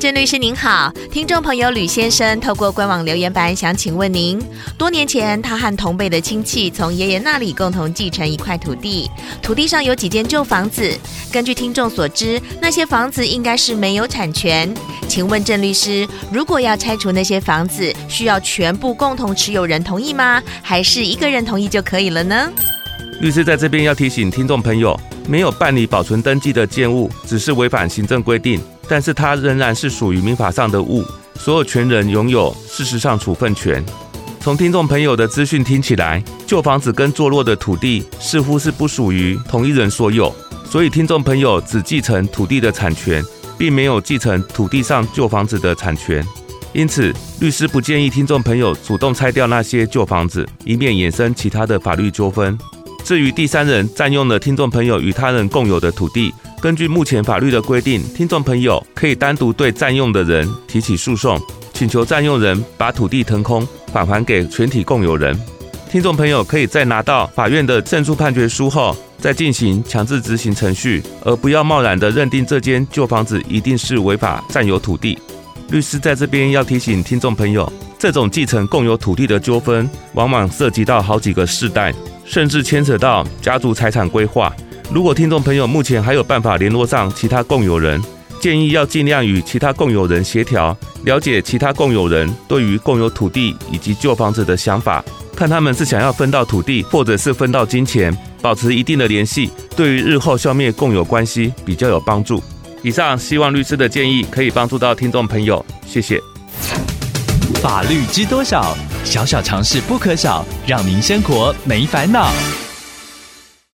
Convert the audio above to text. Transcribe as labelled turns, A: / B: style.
A: 鄭律師您好，聽眾朋友呂先生透過官網留言板想請問您，多年前他和同輩的親戚從爺爺那裡共同繼承一塊土地，土地上有幾間舊房子。根據聽眾所知，那些房子應該是沒有產權。請問鄭律師，如果要拆除那些房子，需要全部共同持有人同意嗎？還是一個人同意就可以了呢？
B: 律師在這邊要提醒聽眾朋友，沒有辦理保存登記的建物，只是違反行政規定。但是它仍然是屬於民法上的物，所有權人擁有事實上處分權。從聽眾朋友的資訊聽起來，舊房子跟坐落的土地似乎是不屬於同一人所有，所以聽眾朋友只繼承土地的產權，並沒有繼承土地上舊房子的產權。因此，律師不建議聽眾朋友主動拆掉那些舊房子，以免衍生其他的法律糾紛。至於第三人占用了聽眾朋友與他人共有的土地。根據目前法律的規定，聽眾朋友可以單獨對占用的人提起訴訟，請求占用人把土地騰空，返還給全體共有人。聽眾朋友可以在拿到法院的勝訴判決書後，再進行強制執行程序，而不要貿然地認定這間舊房子一定是違法占有土地。律師在這邊要提醒聽眾朋友，這種繼承共有土地的糾紛，往往涉及到好幾個世代，甚至牽扯到家族財產規劃。如果聽眾朋友目前還有辦法聯絡上其他共有人，建議要盡量與其他共有人協調，了解其他共有人對於共有土地以及舊房子的想法，看他們是想要分到土地，或者是分到金錢，保持一定的聯繫，對於日後消滅共有關係比較有幫助。以上希望律師的建議可以幫助到聽眾朋友，謝謝。法律知多少，小小常識不可少，讓您生活沒煩惱。